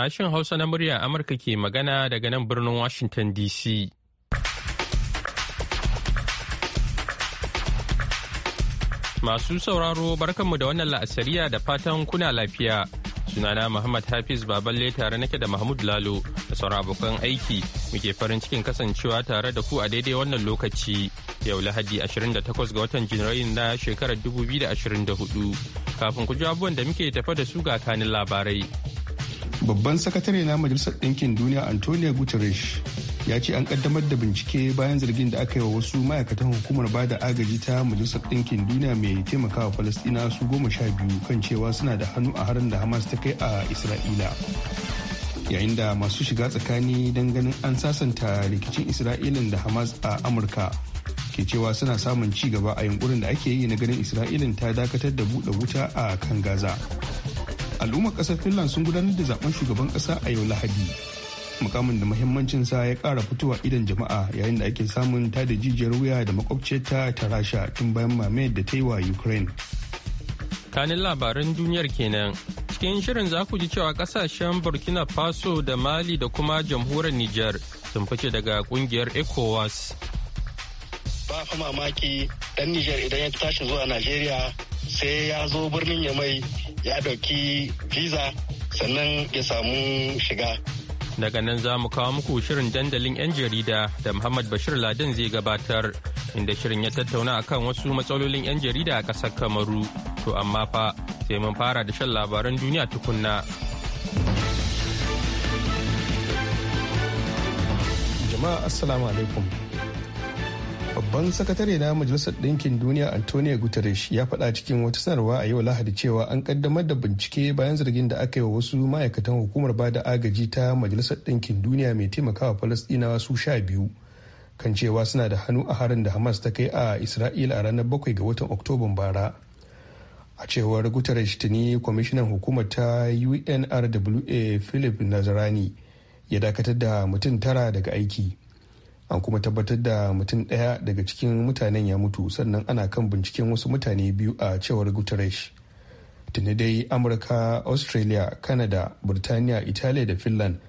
Sashen Hausa na murya Amurka ke magana daga nan birnin Washington DC. Masu sauraro barkanmu da wannan la'asariya da fatan kuna lafiya. Sunana Muhammad Hafiz Baballe tare nake da Mahmud Lalo da sauran abokan aiki muke farin cikin kasancewa tare da ku a daidai wannan lokaci. Yau Lahadi 28 ga watan Janairun na shekarar 2024. Kafin ku ji abubuwan da muke tafa da su ga kanin labarai. babban sakatare na majalisar ɗinkin duniya antonio guterres ya ce an kaddamar da bincike bayan zargin da aka yi wa wasu ma'aikatan hukumar ba da agaji ta majalisar ɗinkin duniya mai taimakawa falastina su goma sha biyu kan cewa suna da hannu a harin da hamas ta kai a isra'ila yayin da masu shiga tsakani don ganin an sasanta rikicin isra'ilin da hamas a amurka ke cewa suna samun ci gaba a yunkurin da ake yi na ganin isra'ilin ta dakatar da buɗe wuta a kan gaza al'ummar kasar finland sun gudanar da zaben shugaban kasa a yau lahadi mukamin da muhimmancin sa ya kara fitowa idan jama'a yayin da ake samun ta da jijiyar wuya da makwabciyarta ta rasha tun bayan mame da ta yi wa ukraine kanin labaran duniyar kenan cikin shirin za ku ji cewa kasashen burkina faso da mali da kuma jamhuriyar niger sun fice daga kungiyar ecowas ba fa mamaki dan niger idan ya tashi zuwa najeriya sai ya zo birnin ya mai ya ɗauki visa sannan ya samu shiga. Daga nan za mu kawo muku shirin dandalin 'yan jarida da Muhammad Bashir Laden zai gabatar inda shirin ya tattauna kan wasu matsalolin 'yan jarida a ƙasar Kamaru. To amma fa sai mun fara da shan labaran duniya tukunna. Jama'a Assalamu alaikum. babban sakatare na majalisar ɗinkin duniya antonio guterres ya faɗa cikin wata sanarwa a yau lahadi cewa an kaddamar da bincike bayan zargin da aka yi wa wasu ma'aikatan hukumar ba da agaji ta majalisar ɗinkin duniya mai taimakawa falastinawa su sha biyu kan cewa suna da hannu a harin da hamas ta kai a isra'ila a ranar bakwai ga watan oktoban bara a cewar guterres tuni kwamishinan hukumar ta unrwa philip nazarani ya dakatar da mutum tara daga aiki an kuma tabbatar da mutum ɗaya daga cikin mutanen ya mutu sannan ana kan binciken wasu mutane biyu a cewar guterres tuni dai amurka australia canada burtaniya italiya da finland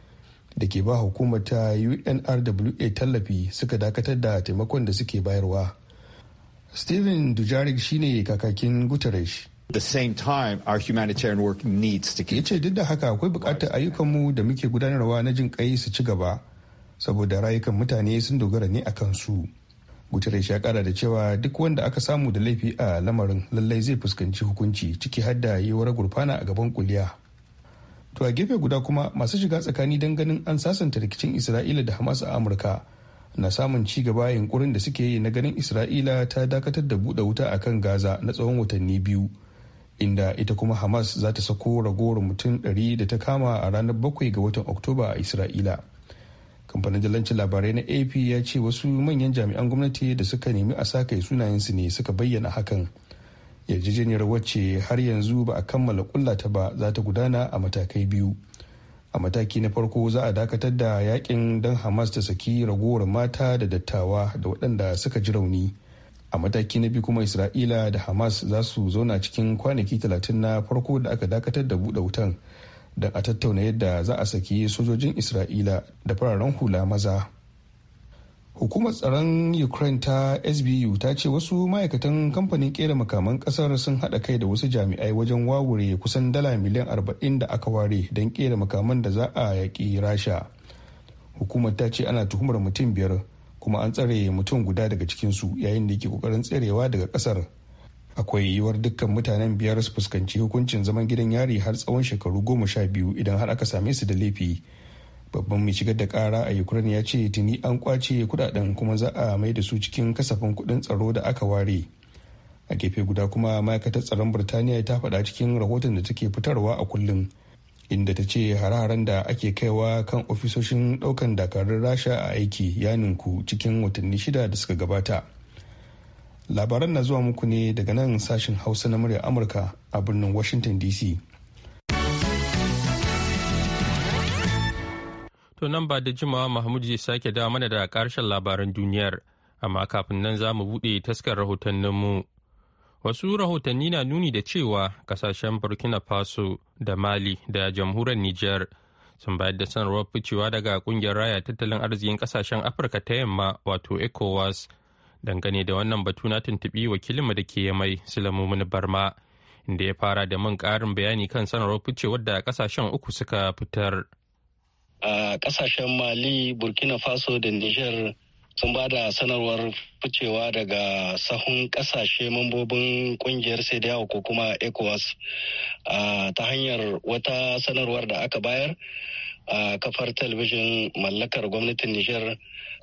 da ke ba hukumar ta unrwa tallafi suka dakatar da taimakon da suke bayarwa steven dujarik shine kakakin guterres the same time our humanitarian work needs to keep. yace duk da haka akwai bukatar ayyukanmu da muke gudanarwa na jin kai su ci gaba saboda rayukan mutane sun dogara ne a kansu guterres ya kara da cewa duk wanda aka samu da laifi a lamarin lallai zai fuskanci hukunci ciki har da wara gurfana a gaban kuliya to a gefe guda kuma masu shiga tsakani don ganin an sasanta rikicin isra'ila da hamas a amurka na samun ci gaba yunkurin da suke yi na ganin isra'ila ta dakatar da buɗe wuta a kan gaza na tsawon watanni biyu inda ita kuma hamas za ta sako ragowar mutum ɗari da ta kama a ranar bakwai ga watan oktoba a isra'ila kamfanin dalancin labarai na ap ya ce wasu manyan jami'an gwamnati da suka nemi a saka sunayensu ne suka bayyana hakan yarjejeniyar wacce har yanzu ba a kammala ta ba za ta gudana a matakai biyu a mataki na farko za a dakatar da yakin dan hamas ta saki ragowar mata da dattawa da waɗanda suka ji rauni a mataki na biyu kuma isra'ila da hamas za su zauna cikin kwanaki talatin na farko da aka dakatar da buɗe wutan da a tattauna yadda za a saki sojojin isra'ila da fararen hula maza hukumar tsaron ukraine ta sbu ta ce wasu ma'aikatan kamfanin kera makaman kasar sun hada kai da wasu jami'ai wajen wawure kusan dala miliyan arba'in da aka ware don kera makaman da za a yaƙi rasha hukumar ta ce ana tuhumar mutum biyar kuma an tsare mutum guda daga cikinsu yayin da yake kokarin tserewa daga kasar akwai yiwuwar dukkan mutanen biyar su fuskanci hukuncin zaman gidan yari har tsawon shekaru goma sha biyu idan har aka same su da laifi babban mai shigar da kara a ukraine ya ce tuni an kwace kudaden kuma za a mai da su cikin kasafin kudin tsaro da aka ware a gefe guda kuma ma'aikatar tsaron birtaniya ta faɗa cikin rahoton da take fitarwa a kullum inda ta ce hare-haren da ake kaiwa kan ofisoshin ɗaukan dakarun rasha a aiki ya ninku cikin watanni shida da suka gabata labaran na zuwa muku ne daga nan sashen hausa na muryar amurka a birnin washington dc to nan ba da jimawa mahmud zai sake dawo mana da karshen labaran duniyar amma kafin nan za mu buɗe taskar rahotanninmu wasu rahotanni na nuni da cewa kasashen burkina faso da mali da jamhuriyar niger sun bayar da sanarwar ficewa daga kungiyar raya tattalin arzikin kasashen afirka ta yamma wato ecowas dangane da wannan batu na tuntuɓi wakilinmu da ke mai silamumin barma inda ya fara da man ƙarin bayani kan sanarwar ficewar da ƙasashen uku suka fitar. a ƙasashen mali burkina faso da niger sun ba da sanarwar ficewa daga sahun ƙasashe mambobin ƙungiyar sediyawa ko kuma ecowas ta hanyar wata sanarwar da aka bayar a kafar talabijin mallakar gwamnatin niger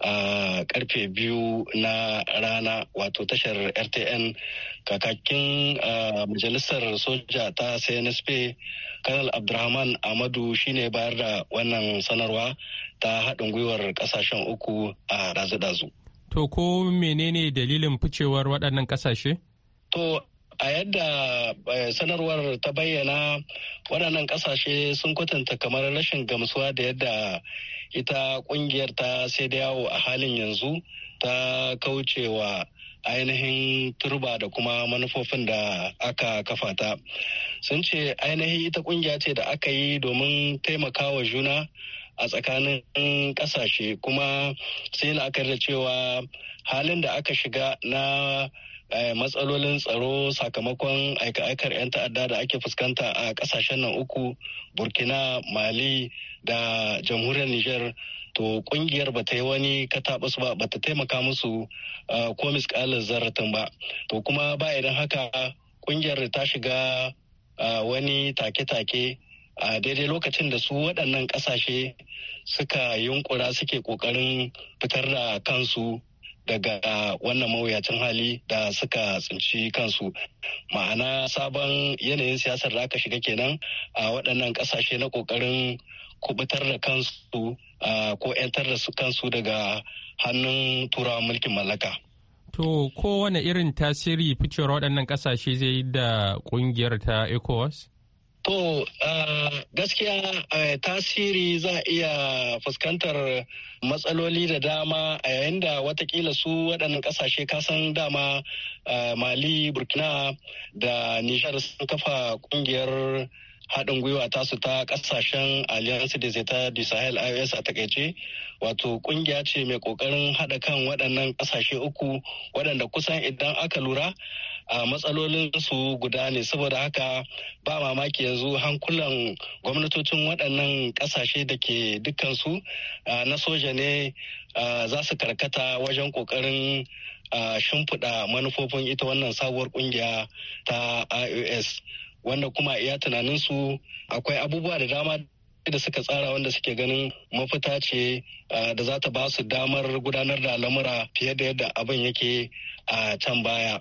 a karfe biyu na rana wato tashar rtn kakakin majalisar soja ta cnsp kanal abdurrahman amadu shine bayar da wannan sanarwa ta haɗin gwiwar ƙasashen uku a dazu-dazu to ko menene dalilin ficewar waɗannan ƙasashe to a yadda eh, sanarwar ta bayyana waɗannan ƙasashe sun kwatanta kamar rashin gamsuwa da yadda ita ƙungiyar ta sai da yawo a halin yanzu ta kaucewa ainihin turba da kuma manufofin da aka kafa ta sun ce ainihin ita ƙungiya ce da aka yi domin taimakawa juna a tsakanin ƙasashe kuma sai la'akari da cewa halin da aka shiga na Eh, matsalolin tsaro sakamakon aika-aikar 'yan ta'adda da ake fuskanta a kasashen nan uku burkina mali da jamhuriyar niger to kungiyar ba ta yi wani kataɓus ba ba ta taimaka musu eh, ko miskalar zaratin ba to kuma ba idan haka kungiyar ta shiga eh, wani take-take a daidai lokacin da su waɗannan ƙasashe suka yunkura suke ƙoƙarin fitar da kansu daga wannan mawuyacin hali da suka tsinci kansu ma'ana sabon yanayin siyasar da aka shiga kenan a waɗannan ƙasashe na ƙoƙarin kubutar da kansu ko 'yantar da su kansu daga hannun turawan mulkin mallaka. To kowane irin tasiri ficewar waɗannan ƙasashe zai yi da ƙungiyar ta ECOWAS? To gaskiya tasiri za a iya fuskantar matsaloli da dama a yayin da watakila su waɗannan ƙasashe kasan dama Mali, Burkina da Nijar sun kafa ƙungiyar haɗin gwiwa tasu ta ƙasashen alliance des zeta du sahel ios a takaice wato ƙungiya ce mai ƙoƙarin haɗa kan waɗannan ƙasashe uku waɗanda kusan idan aka lura a matsalolin su guda ne saboda haka ba mamaki yanzu hankulan gwamnatocin waɗannan ƙasashe da ke dukkansu na soja ne za su karkata wajen ƙoƙarin shimfiɗa manufofin ita wannan sabuwar ƙungiya ta ios wanda kuma iya tunaninsu akwai abubuwa da dama da suka tsara wanda suke ganin mafita ce da za ta ba su damar gudanar da lamura fiye da yadda abin yake a can baya.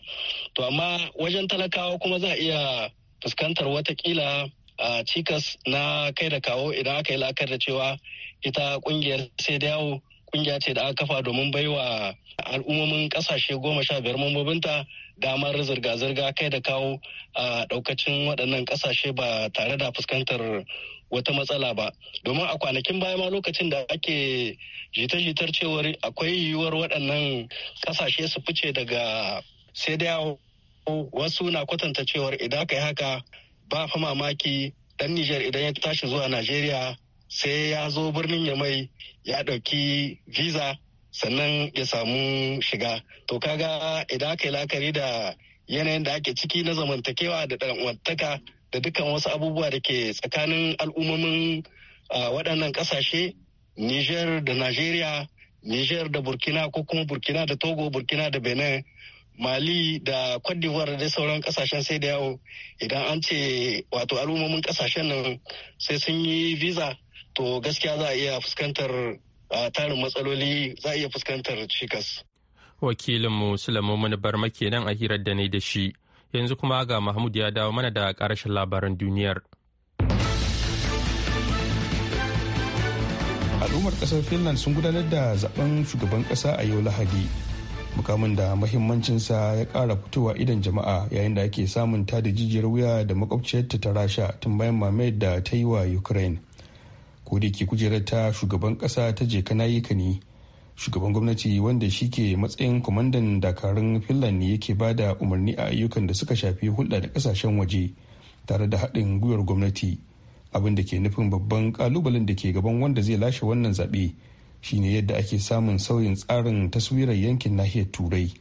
To amma wajen talakawa kuma za a iya fuskantar watakila a cikas na kai da kawo idan aka yi la'akar da cewa ita kungiyar sai da yawo kungiya ce da aka kafa domin baiwa al'ummomin kasashe goma sha biyar mambobinta damar zirga-zirga kai da kawo a daukacin waɗannan ƙasashe ba tare da fuskantar wata matsala ba domin a kwanakin baya ma lokacin da ake jita-jitar cewar akwai yiwuwar waɗannan ƙasashe su fice daga sai da wasu na kwatanta cewar idan aka yi haka ba fa mamaki dan Nijar idan ya tashi zuwa Najeriya sai ya zo birnin ya mai ya ɗauki visa sannan ya samu shiga to kaga idan aka yi lakari da yanayin da ake ciki na zamantakewa da ɗanwantaka da dukkan wasu abubuwa da ke tsakanin al'ummomin waɗannan ƙasashe niger da nigeria niger da burkina ko kuma burkina da togo burkina da benin mali da cote d'ivoire da sauran kasashen sai da yawo idan an ce wato al'ummomin kasashen nan sai sun yi visa to gaskiya za a iya fuskantar a tarin matsaloli za a iya fuskantar cikas. Wakilinmu Sulemu Mani Barma kenan a hirar da ne da shi. Yanzu kuma ga Mahmud ya dawo mana da ƙarashin labaran duniyar. Al'ummar ƙasar Finland sun gudanar da zaben shugaban ƙasa a yau Lahadi. Mukamin da mahimmancinsa ya ƙara fitowa idan jama'a yayin da ake samun tada jijiyar wuya da makwabciyarta ta rasha tun bayan mamayar da ta yi wa Ukraine. ko da ke kujerar ta shugaban kasa ta je kana yi ne shugaban gwamnati wanda shi ke matsayin kwamandan dakarun finland ne yake ba da umarni a ayyukan da suka shafi hulɗa da kasashen waje tare da haɗin gwiwar gwamnati abin da ke nufin babban kalubalen da ke gaban wanda zai lashe wannan zaɓe shine yadda ake samun sauyin tsarin taswirar yankin nahiyar turai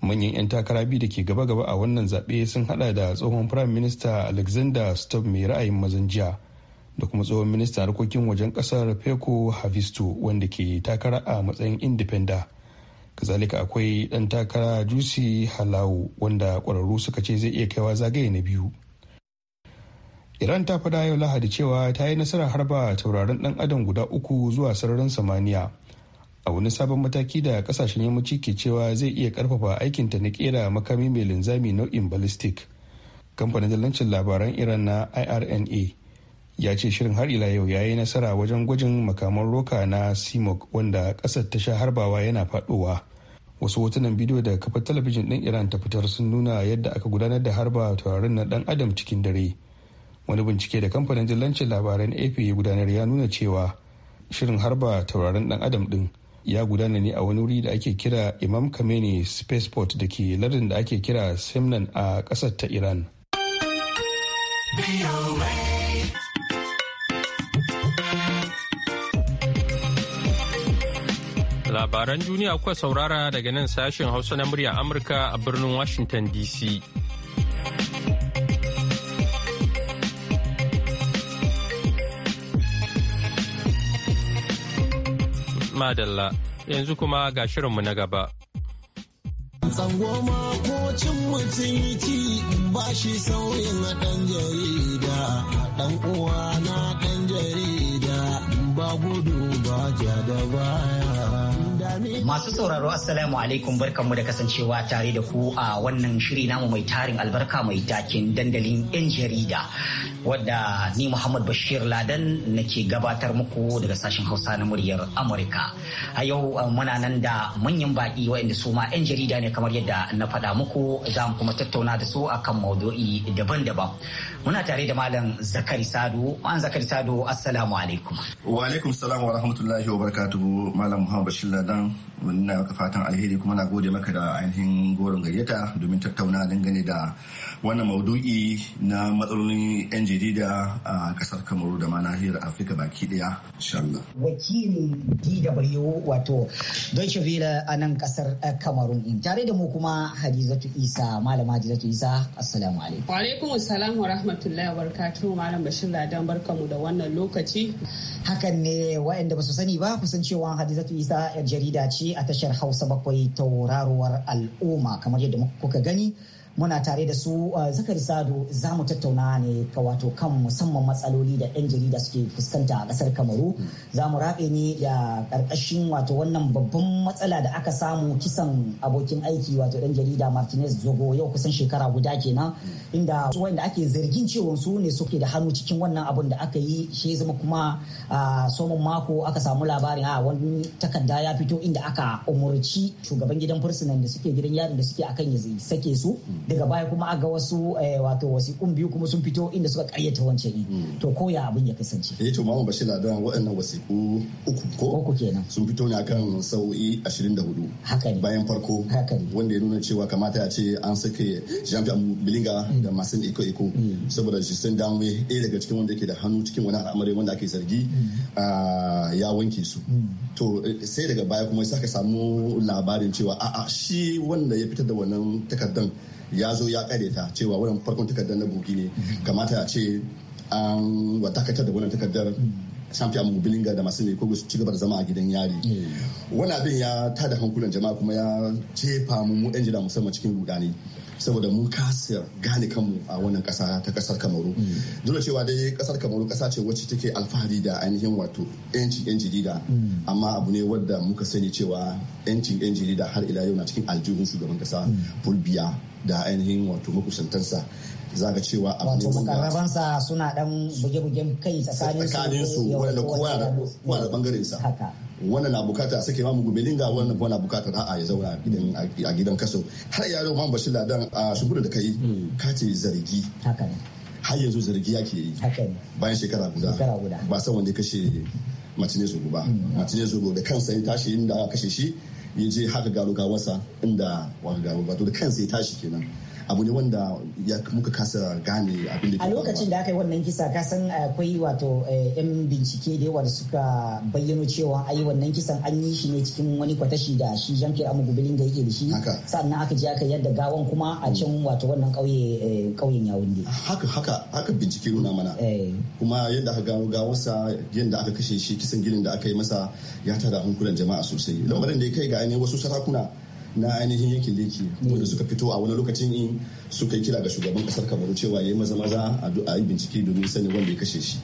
manyan 'yan takara biyu da ke gaba-gaba a wannan zaɓe sun hada da tsohon firayim minista alexander stubb mai ra'ayin mazan jiya da kuma tsohon ministan harkokin wajen kasar peko havisto wanda ke takara a matsayin indipenda kazalika akwai dan takara jusi halawu wanda kwararru suka ce zai iya kaiwa zagaye na biyu iran ta fada yau lahadi cewa ta yi nasarar harba tauraron dan adam guda uku zuwa sararin samaniya a wani sabon mataki da kasashen yammaci ke cewa zai iya karfafa aikinta na kera makami mai linzami nau'in ballistic kamfanin dalancin labaran iran na irna ya ce shirin har ila yau ya yi nasara wajen gwajin makaman roka na simok wanda kasar ta sha harbawa yana faɗowa wasu hotunan bidiyo da kafar talabijin ɗin iran ta fitar sun nuna yadda aka gudanar da harba taurarin na ɗan adam cikin dare wani bincike da kamfanin jillancin labaran ap gudanar ya nuna cewa shirin harba taurarin ɗan adam ɗin ya gudana ne a wani wuri da ake kira imam kameni spaceport da ke lardin da ake kira semnan a ƙasar ta iran Labaran duniya kuwa saurara daga nan sashen Hausa na murya Amurka a birnin Washington DC. Madalla, yanzu kuma ga shirinmu na gaba. ko cin ba shi sauyin ɗan jarida, ɗan uwa na ba gudu ba ja da baya. Masu sauraro Assalamu alaikum barkanmu da kasancewa tare da ku a wannan shiri namu mai tarin albarka mai takin dandalin 'yan jarida. wadda ni Muhammad Bashir Ladan nake gabatar muku daga sashen Hausa na muryar Amurka. A yau uh, muna nan da manyan baƙi waɗanda su ma 'yan jarida ne kamar yadda na faɗa muku za mu kuma tattauna da su akan maudu'i daban-daban. Muna tare da Malam Zakari Sado. Malam Zakari Sado, Assalamu alaikum. Wa alaikum salam wa rahmatullahi wa barakatuhu Malam Muhammad Bashir Ladan. na maka fatan alheri kuma na gode maka da ainihin goron gayyata domin tattauna dangane da wannan maudu'i na matsalolin yan jarida a kasar kamaru da ma nahiyar afirka baki daya inshallah wakilin dw wato don shafi a nan kasar eh, kamarun tare da mu kuma hadizatu isa malama hadizatu isa assalamu alaikum wa alaikum assalam wa rahmatullahi wa barakatuhu malam bashir ladan barkamu da wannan lokaci hakan ne waɗanda ba su sani ba kusan cewa hadizatu isa yar jarida ce a tashar hausa bakwai tauraruwar al'umma kamar yadda kuka gani muna tare da su uh, zakari sado za mu tattauna ne ka wato kan musamman matsaloli da Ɗan jarida suke fuskanta a ƙasar kamaru za mu raɓe ne da ƙarƙashin wato wannan babban matsala da aka samu kisan abokin aiki wato ɗan jarida martinez zogo yau kusan shekara guda kenan inda su wanda ake zargin cewa su ne suke da hannu cikin wannan abun da aka yi shi zama kuma a uh, somon mako aka samu labarin a wani takarda ya fito inda aka umurci shugaban gidan fursunan da suke gidan yarin da suke akan ya sake su daga baya kuma aga wasu eh, wato kun biyu kuma sun fito inda suka karyata wancan yi hmm. to ko ya abin ya kasance eh to mamu bashi da waɗannan wasiƙu uku ko uku kenan sun fito ne akan sau'i 24 haka ne bayan farko haka ne wanda ya nuna cewa kamata ya ce an sake Jean-Pierre Bilinga hmm. da Masin Iko Iko hmm. saboda Justin Damwe ɗaya daga cikin wanda yake da hannu cikin wani al'amari wanda ake zargi ya wanke su to eh, sai daga baya kuma sai aka samu labarin cewa a'a shi wanda ya fitar da wannan takardan ya zo ya kare ta cewa wannan farkon takardar na bogi ne kamata a ce an watakatar da wannan takardar samfi amu bilinga da masu ne ko su ci gaba da zama a gidan yari mm. wani abin ya tada hankulan jama'a kuma ya jefa mu mu yan jira musamman cikin rudani saboda mun kasa gane kanmu a wannan kasa ta kasar kamaru mm. dole cewa dai kasar kamaru kasa ce wacce take alfahari da ainihin wato yancin yan jarida mm. amma abu ne wadda muka sani cewa yancin yan jarida har ila yau na cikin aljihun shugaban kasa fulbiya da ainihin wato makusantarsa za ga cewa abu ne wanda makarabansa suna dan buge-bugen kai tsakanin su wanda kowa da bangaren sa wannan na bukata sake mamu gumelin dinga wannan na bukata a ya zauna a gidan kaso har yaro ma bashi ladan a shugura da kai hmm. ka ce zargi har yanzu zargi ya ke yi bayan shekara guda ba san wanda kashe matine zogo ba hmm. matine zogo da kansa ya tashi inda aka kashe shi ya je haka gano gawarsa inda waka gano wato da kansa ya tashi kenan abu ne wanda ya muka kasa gane abin da a lokacin da aka yi wannan kisa kasan akwai wato eh, yan bincike da yawa da suka bayyano cewa ai wannan kisan an yi shi ne cikin wani kwatashi da shi kira mu gubilin da yake da shi sannan aka je aka yadda gawan kuma a can mm. wato wannan kauye kauyen eh, yawunde haka haka haka bincike nuna mana eh. kuma yadda aka gano gawarsa yadda aka kashe shi kisan gilin da aka yi masa ya tada hankulan jama'a sosai lamarin da ya kai ga ainihin wasu sarakuna na ainihin yankin leki wanda suka fito a wani lokacin in suka yi kira ga shugaban kasar kamaru cewa ya yi maza maza a yi bincike domin sanin wanda ya kashe shi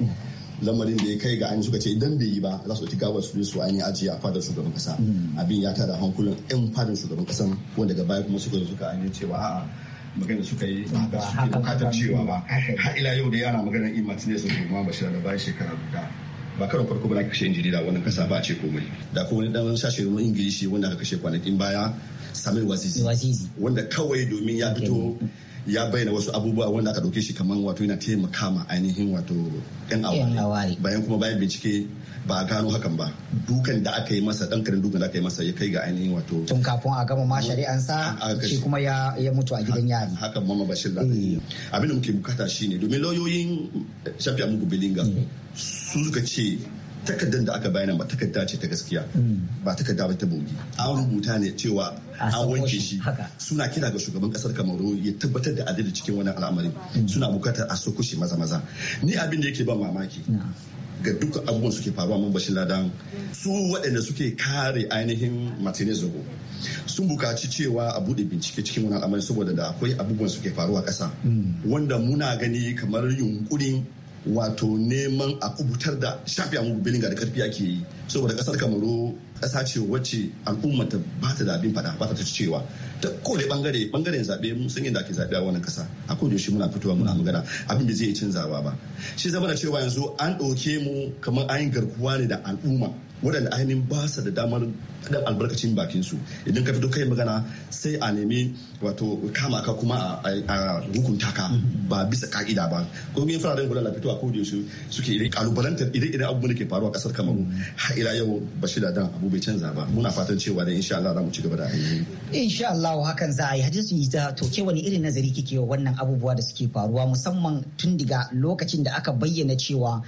lamarin da ya kai ga ainihin suka ce idan bai yi ba za su ɗauki gawar su su ainihin ajiye a fadar shugaban kasa mm. abin ya tada hankulan yan fadar shugaban kasan wanda ga baya kuma suka zo suka ainihin cewa a'a magana suka yi ba su bukatar cewa ba har ila yau da yara magana in martinez sun kuma bashir da bayan shekara guda ba karon farko ba na kashe injini da wannan kasa ba a ce komai da kuma wani dan sashe ruwan ingilishi wanda aka kashe kwanakin baya samir wazizi wanda kawai domin ya fito ya bayyana wasu abubuwa wanda aka ɗauke shi kamar wato yana taimaka ma ainihin wato yan awari bayan kuma bayan bincike ba a gano hakan ba dukan da aka yi masa dan karin dukan da aka yi masa ya kai ga ainihin wato tun kafin a gama ma shari'an sa shi kuma ya ya mutu a gidan yari hakan mama bashir da abin da muke bukata shine domin lauyoyin shafi amugu bilinga mm. su suka ce takardar da aka bayyana ba takarda ce ta gaskiya mm. ba takarda ba ta bogi an rubuta ne cewa an wanke shi suna kira ga shugaban kasar kamaru ya tabbatar da adalci cikin wannan al'amari mm. suna bukatar a soko shi maza maza ni abin da yake ban mamaki ga duka abubuwan suke faruwa mun bashin ladan su waɗanda suke kare ainihin martinez zogo sun bukaci cewa a bude bincike cikin wani al'amari saboda da akwai abubuwan suke faruwa ƙasa mm. wanda muna gani kamar yunkurin wato neman a kubutar da shafi amu belinga da karfi ake yi saboda kasar kamaru kasa ce wacce al'umma ta ba ta da abin fada ba ta cewa ta kone bangare bangaren zaɓe mun san da ake zaɓe a wannan kasa a kodayo shi muna fitowa muna magana abin da zai yi canzawa ba shi zama da cewa yanzu an ɗauke mu kamar ayin garkuwa ne da al'umma waɗanda ainihin ba su da damar dan albarkacin bakin su idan ka fito kai magana sai a nemi wato kama ka kuma a hukunta ka ba bisa ka'ida ba ko kungiyoyin fararen hula da fito a kodi su suke irin kalubalantar ire-iren abubuwan da ke faruwa a kasar kamaru har ila yau shi da abu bai canza ba muna fatan cewa da insha Allah za mu ci gaba da ayyuka insha Allah hakan za a yi hajji ta to ke wani irin nazari kike wa wannan abubuwa da suke faruwa musamman tun daga lokacin da aka bayyana cewa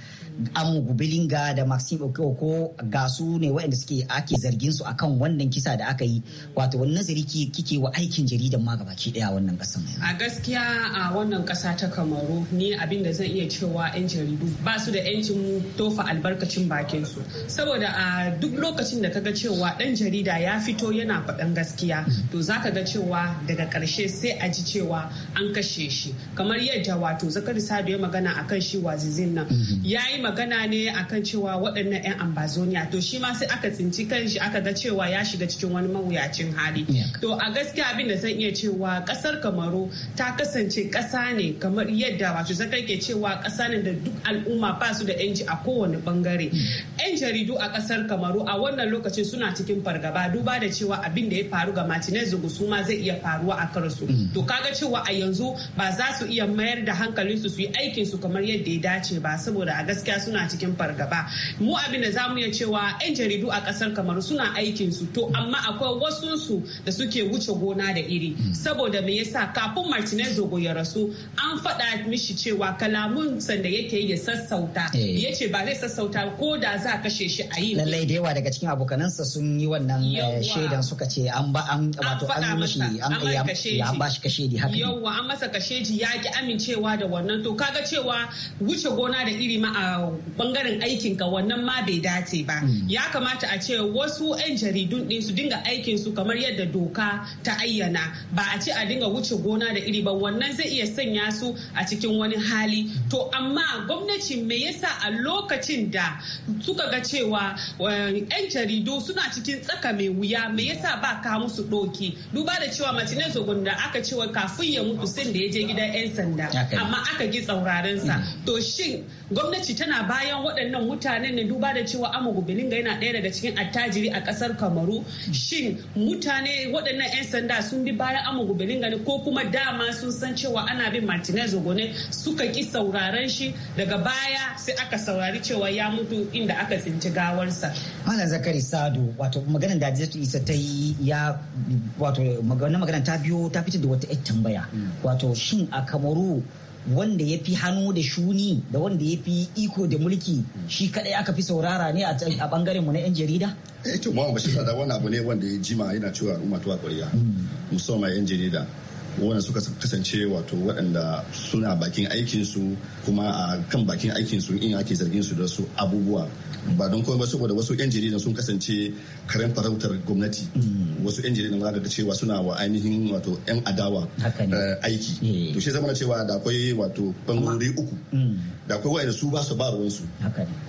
amu gubilinga da maxim okoko ga su ne waɗanda suke ake zargin su akan wannan kisa da aka yi wato wani nazari kike wa aikin jaridan ma gabaki daya wannan kasan a gaskiya a wannan kasa ta kamaru ni abin da zan iya cewa yan jaridu ba su da yancin tofa albarkacin bakin su saboda a duk lokacin da kaga cewa dan jarida ya fito yana faɗan gaskiya to zaka ga cewa daga karshe sai a ji cewa an kashe shi kamar yadda wato zakari sadu ya magana akan shi wazizin nan mm-hmm. ya yi magana ne akan cewa waɗannan 'yan ambazoniya to shi ma sai aka tsinci kan shi aka ga cewa ya shiga cikin wani mawuyacin hali to a gaskiya abin da zan iya cewa kasar kamaru ta kasance kasa ne kamar yadda wato zakar ke cewa kasa ne da duk al'umma ba su da yanci a kowane bangare yan hmm. jaridu a kasar kamaru a wannan lokacin suna cikin fargaba duba da cewa abin da ya faru ga martinez zugu su ma zai iya faruwa a karsu hmm. to kaga cewa a yanzu ba za su iya mayar da hankalinsu su su yi aikin su kamar yadda ya dace ba saboda a gaskiya suna cikin fargaba mu abin da mu iya cewa yan jaridu a kasar kamaru suna aiki aikinsu to amma akwai wasu su da suke wuce gona da iri hmm. saboda me yasa kafin martinez zogo ya rasu an faɗa mishi cewa kalamun sanda yake ya sassauta eh. ya ce ba zai sassauta ko da za a kashe shi a yi lallai da yawa daga cikin abokanansa sun yi wannan eh, shaidan suka ce an ba an wato an mishi an ba shi di haka yawa an masa ji ya ki amincewa da wannan to kaga cewa wuce gona da iri ma a bangaren aikinka wannan ma bai dace ba hmm. ya kamata a ce wasu 'yan jaridun ɗin su dinga aikin su kamar yadda doka ta ayyana ba a ce a dinga wuce gona da iri ba wannan zai iya sanya su a cikin wani hali to amma gwamnati me yasa a lokacin da suka ga cewa eh, 'yan jaridu suna cikin tsaka mai wuya me yasa ba ka musu doki duba da cewa matine zogon da aka cewa kafin ya mutu sin da ya je gidan 'yan sanda amma aka gi tsauraran sa to shin gwamnati tana bayan waɗannan mutanen ne duba da cewa amugu ga yana ɗaya daga cikin attajiri a ƙasar kasar kamaru shin mutane waɗannan 'yan sanda sun bi bayan amu gubelinga ne ko kuma dama sun san cewa ana bin martinez ogone suka ki sauraren shi daga baya sai aka saurari cewa ya mutu inda aka tsinci gawarsa malam zakari Sadu wato maganar da jatu isa ta yi ya wato maganar ta biyo ta fitar da wata 'yan tambaya hmm. wato shin a kamaru wanda ya fi hannu da shuni da wanda ya fi iko da mulki shi kadai aka fi saurara ne a bangaren mu na 'yan jarida? Eh, to, ma ba shi da wani abu ne wanda ya jima yana cewa al'umma tuwa ƙwarya, hmm. musamman 'yan jarida. wanda suka kasance wato waɗanda suna bakin aikin su kuma a kan bakin aikin su in ake zargin su da su abubuwa ba don kuma saboda wasu yan jaridan sun kasance karen farautar gwamnati mm. wasu yan jaridan za ga cewa suna wa ainihin wato yan adawa eh, aiki eh. to shi zama cewa da akwai wato bangarori uku mm. da akwai wa'anda su ba su ba su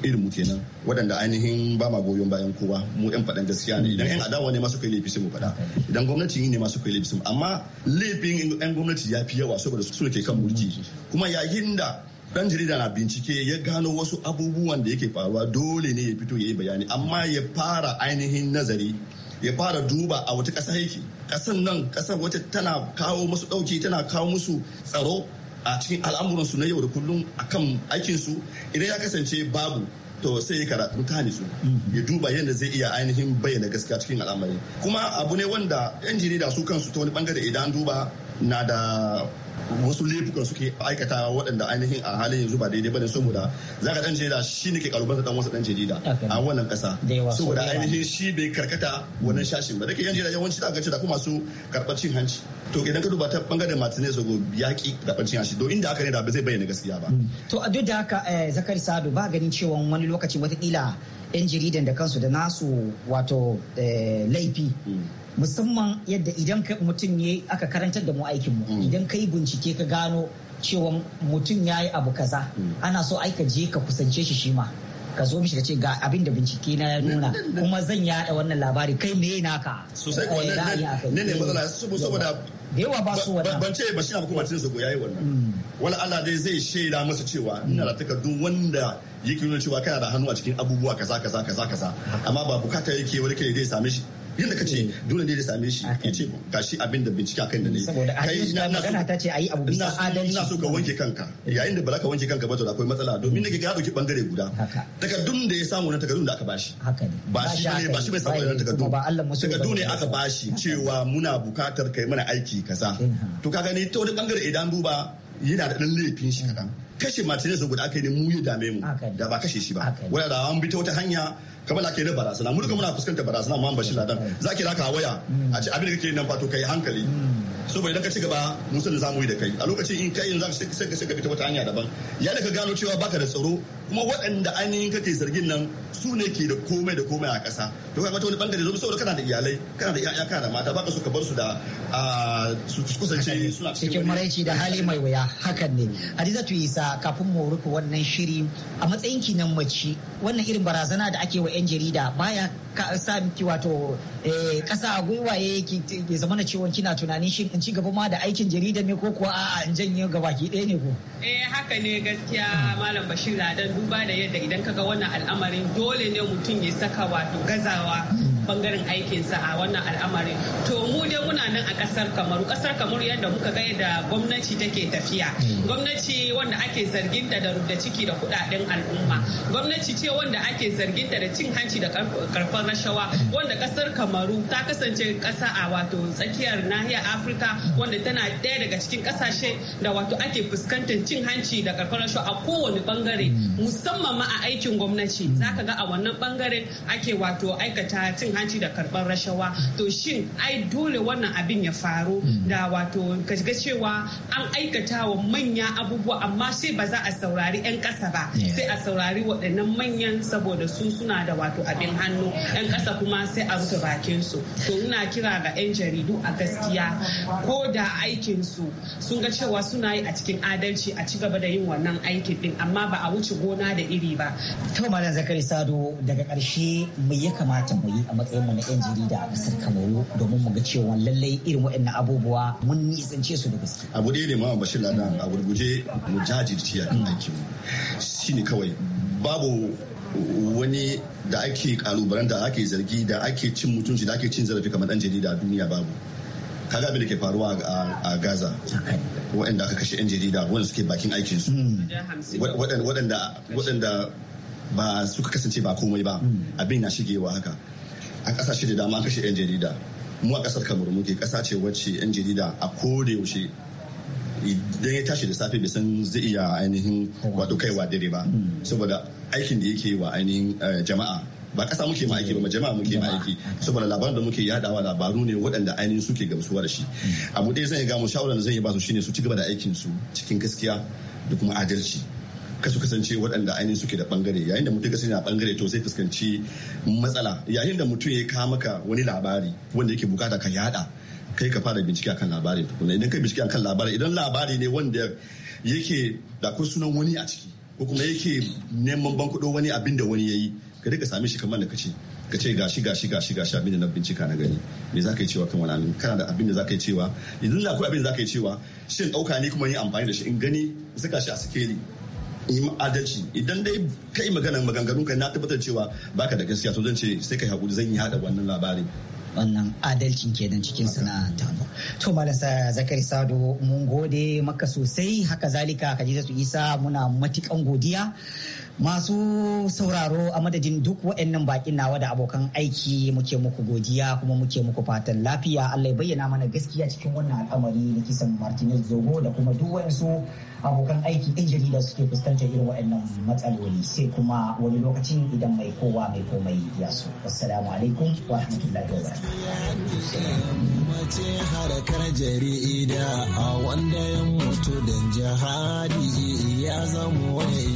irin mu kenan waɗanda ainihin ba ma goyon bayan kowa mu yan faɗan gaskiya ne idan yan adawa ne ma su kai laifi sai mu faɗa idan gwamnati ne ma su kai laifi amma laifin laifin yan gwamnati ya fi yawa saboda su ke kan mulki kuma yayin da dan jarida na bincike ya gano wasu abubuwan da yake faruwa dole ne ya fito ya yi bayani amma ya fara ainihin nazari ya fara duba a wata ƙasa yake ƙasan nan ƙasar wata tana kawo musu ɗauki tana kawo musu tsaro a cikin al'amuransu na yau da kullum kan aikinsu idan ya kasance babu to sai ya karatu ta su ya duba yadda zai iya ainihin bayyana gaskiya cikin al'amari kuma abu ne wanda yan jarida su kansu ta wani bangare idan duba na da wasu laifukan suke aikata waɗanda ainihin a halin yanzu ba daidai bane saboda za ka dan da shi ne ke kalubanta dan wasu dan jarida a wannan ƙasa saboda ainihin shi bai karkata wannan shashin ba da ke yan jarida yawanci da aka ce da kuma su karɓar cin hanci to idan ka duba ta bangaren ne zago yaƙi karɓar cin hanci don inda aka ne da ba zai bayyana gaskiya ba. Hmm. to a duk da haka eh, zakari sado ba ganin cewa wani lokaci watakila yan jaridan da kansu da nasu wato eh, laifi hmm. musamman yadda idan mutum ne aka karantar da mu aikin mu hmm. idan kai bincike ka gano cewa mutum ya yi abu kaza hmm. ana so aika je ka kusance shi shi ma ka zo mishi ka ce ga abin da bincike na ya nuna kuma zan yada wannan labari kai me naka sosai ko eh, ne ne eh, matsala saboda da yawa ba su wannan ban ce ba shi abu kuma cin zago yayi wannan hmm. wala Allah dai zai shaida masa cewa ina da takardu wanda yake nuna cewa kana da hannu a cikin abubuwa kaza kaza kaza kaza amma ba bukata yake wani kai zai same shi yadda ka ce dole ne da same shi ya ce ga shi abin da bincike akan da ne saboda magana ta ce ayi abu bisa adalci ina so ka wanke kanka yayin da ba za ka wanke kanka ba to akwai matsala domin nake ga dauki bangare guda takardun da ya samu na takardun da aka bashi ba shi ne ba shi bai samu wannan takardun takardu ne aka bashi cewa muna bukatar kai mana aiki kaza to ka gani ta wani bangare idan duba yana da dan laifin shi kadan kashe martinez guda aka yi ne mu yi dame mu da ba kashe shi ba wadda an bi ta wata hanya kamar da ake da barazana mu duka muna fuskantar barazana amma bashi ladan dan za yi raka waya a ce abin da kake nan fato kai hankali saboda idan ka ci gaba mun sani za mu yi da kai a lokacin in kai in za ka sai ka fita wata hanya daban ya da ka gano cewa baka da tsaro kuma waɗanda ainihin kake zargin nan su ne ke da komai da komai a ƙasa to kai mata wani bangare zo saboda kana da iyalai kana da iyaya kana da mata baka so ka bar su da su kusance suna cikin maraici da hali mai wuya hakan ne Hadizatu Isa kafin mu rufe wannan shiri a matsayin ki nan mace wannan irin barazana da ake wa 'yan jarida baya sa miki wato kasa eh, a gwiwa ya eh, zama na cewa kina tunanin shi in ci gaba ma da aikin jarida ne ko kuwa a in janye baki ɗaya ne ko. Eh haka ne gaskiya Malam Bashir Ladan duba da yadda idan ka ga wannan al'amarin dole ne mutum ya saka wato gazawa bangaren sa a wannan al'amarin to mu dai muna nan a kasar kamaru kasar kamaru yadda muka ga yadda gwamnati take tafiya hmm. gwamnati wanda ake zargin da da ciki da kudaden al'umma gwamnati ce wanda ake zargin da cin hanci da karfan rashawa hmm. wanda kasar kamaru ta kasance kasa a wato tsakiyar nahiyar afirka wanda tana daya daga cikin kasashe da wato ake fuskantar cin hanci da karfan rashawa a kowane bangare hmm. musamman ma a aikin gwamnati zaka ga a wannan bangare ake wato aikata cin hanci da karɓar rashawa to shin ai dole wannan abin ya faru hmm. da wato ga cewa an aikata wa manya abubuwa amma sai ba za a saurari 'yan kasa ba sai a saurari waɗannan manyan saboda su suna da wato abin hannu 'yan ƙasa kuma sai a rufe bakin su to ina kira ga 'yan jaridu a gaskiya ko da aikin su sun ga cewa suna yi a cikin adalci a ci gaba da yin wannan aikin din amma ba a wuce gona da iri ba to malam zakari sado daga ƙarshe me ya kamata mu yi a matsayinmu na 'yan jarida a kasar kamaru domin mu ga cewa lallai irin waɗannan abubuwa mun nisance su da gaske abu ɗaya ne mawa bashir ladan a gurguje mu jajirce a kan mm. aikinmu shine kawai babu wani da ake da ake zargi da ake cin mutunci da ake cin zarafi kamar dan jarida a duniya babu kaga abin da ke faruwa a gaza waɗanda aka kashe 'yan jarida waɗanda suke bakin su. Mm. waɗanda ba suka kasance ba komai ba mm. abin na shigewa haka a kasashe da dama kashe 'yan jarida mu a kasar kamar muke kasa ce wacce 'yan jarida a koda yaushe idan ya tashi da safe bai san zai iya ainihin wato kaiwa dare ba saboda aikin da yake wa ainihin eh, jama'a ba kasa muke ma aiki ba jama'a muke ma aiki saboda labaran da muke yadawa labaru ne waɗanda ainihin suke gamsuwa da shi hmm. abu ɗaya zan yi gamu mu shawaran da zan yi ba su shine su ci gaba da aikin su cikin gaskiya da kuma adalci Ka su kasance waɗanda ainihin suke da bangare yayin da mutum kasance na bangare to sai fuskanci matsala yayin da mutum ya kawo maka wani labari wanda yake bukata ka yada kai ka fara bincike akan labarin tukuna idan kai bincike akan labarin idan labari ne wanda yake da ko sunan wani a ciki ko kuma yake neman bankudo wani abin da wani yayi ka rika same shi kamar da kace ka ce gashi gashi gashi gashi abin da na bincika na gani me zaka yi cewa kan wani abin kana da abin da zaka yi cewa idan da akwai abin da zaka yi cewa shin dauka ne kuma yi amfani da shi in gani saka shi a sikeli yi adalci idan dai kai magana maganganun kai na tabbatar cewa baka da gaskiya to zan ce sai kai hakuri zan yi hada wannan labarin wannan adalcin nan cikin sana'anta to malam zakari sado mun gode maka sosai haka zalika su isa muna matukan godiya masu sauraro a madadin duk waɗannan bakin nawa da abokan aiki muke muku godiya kuma muke muku fatan lafiya allah ya bayyana mana gaskiya cikin wannan al'amari na kisan martinez zogo da kuma duk wayansu abokan aiki ɗin jarida suke fuskantar irin waɗannan matsaloli sai kuma wani lokacin idan mai kowa mai komai ya so assalamu alaikum wa rahmatullahi wa mace harakar jarida a wanda ya mutu dan jihadi ya zama wani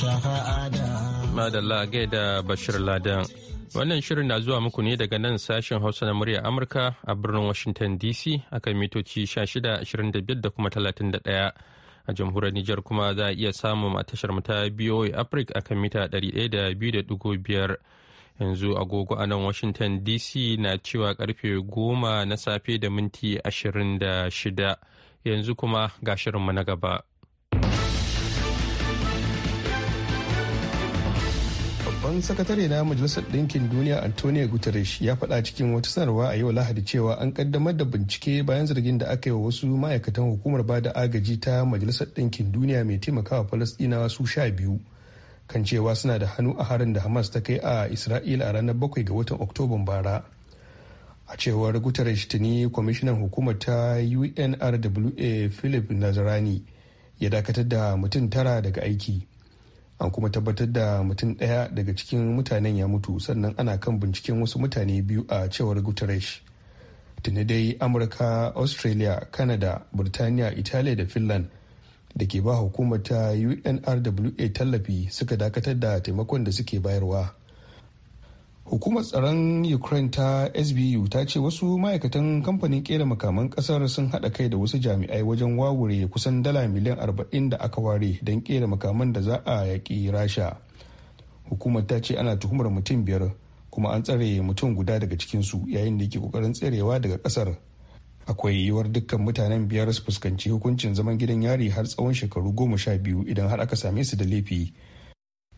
shahada madalla gaida bashir ladan Wannan shirin na zuwa muku ne daga nan sashen Hausa na murya Amurka a birnin Washington DC akan mitoci 25 da kuma 31. a jamhuriyar Nijar kuma za a iya samun a tashar ta BOA Africa akan mita 102.5 yanzu agogo a nan Washington DC na cewa karfe 10 na safe da minti 26 yanzu kuma ga shirinmu na gaba. babban sakatare na majalisar ɗinkin duniya antonio guterres ya faɗa cikin wata sanarwa a yau lahadi cewa an kaddamar da bincike bayan zargin da aka yi wa wasu ma'aikatan hukumar ba da agaji ta majalisar ɗinkin duniya mai taimakawa falastinawa su sha biyu kan cewa suna da hannu a harin da hamas ta kai a isra'ila a ranar bakwai ga watan oktoban bara a cewar guterres tuni kwamishinan hukumar ta unrwa philip nazarani ya dakatar da mutum tara daga aiki an kuma tabbatar da mutum ɗaya daga cikin mutanen ya mutu sannan ana kan binciken wasu mutane biyu a cewar guterres tuni dai amurka australia canada burtaniya italiya da finland da ke ba hukumar ta unrwa tallafi suka dakatar da taimakon da suke bayarwa hukumar tsaron ukraine ta sbu ta ce wasu ma'aikatan kamfanin kera makaman kasar sun hada kai da wasu jami'ai wajen wawure kusan dala miliyan 40 da aka ware don kera makaman da za a yaƙi rasha hukumar ta ce ana tuhumar mutum biyar kuma an tsare mutum guda daga cikinsu yayin da yake kokarin tserewa daga kasar akwai yiwuwar dukkan mutanen biyar su fuskanci hukuncin zaman gidan yari har tsawon shekaru goma sha biyu idan har aka same su da laifi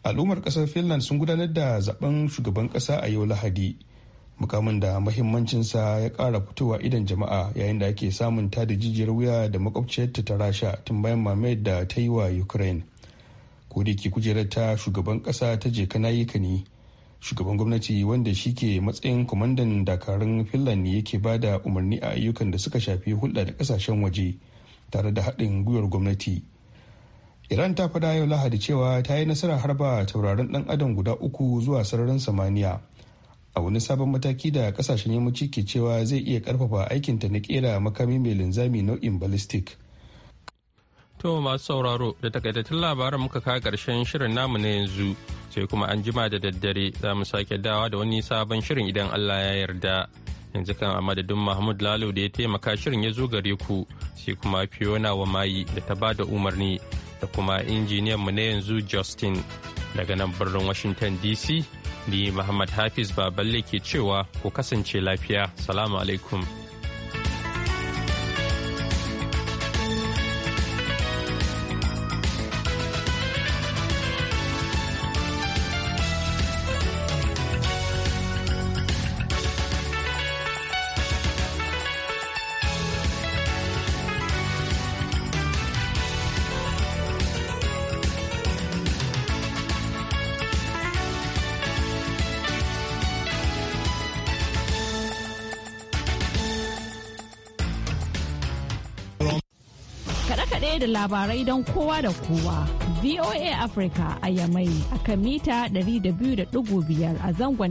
al'ummar kasar finland sun gudanar da zaben shugaban kasa a yau lahadi mukamin da mahimmancinsa ya kara fitowa idan jama'a yayin da ake samun ta da jijiyar wuya da makwabciyarta ta rasha tun bayan mamayar da ta yi wa ukraine ko da ke kujerar ta shugaban kasa ta je kana yi ne shugaban gwamnati wanda shi ke matsayin kwamandan dakarun finland ne yake ba da umarni a ayyukan da suka shafi hulɗa da kasashen waje tare da haɗin gwiwar gwamnati iran ta faɗa yau lahadi cewa ta yi nasara harba tauraron ɗan adam guda uku zuwa sararin samaniya a wani sabon mataki da kasashen yammaci ke cewa zai iya karfafa aikinta na kera makami mai linzami nau'in ballistic to masu sauraro da takaitattun labaran muka kawo karshen shirin namu na yanzu sai kuma an jima da daddare za mu sake dawa da wani sabon shirin idan allah ya yarda yanzu kan a madadin mahmud lalo da ya taimaka shirin ya zo gare ku sai kuma fiona wa mayi da ta ba da umarni da kuma injiniyanmu na yanzu Justin daga nan birnin Washington DC. Ni Muhammad Hafiz Baballe ke cewa ku kasance lafiya. Salamu alaikum. labarai don kowa da kowa. VOA Africa a Yamai a kan mita 200.5 a zangon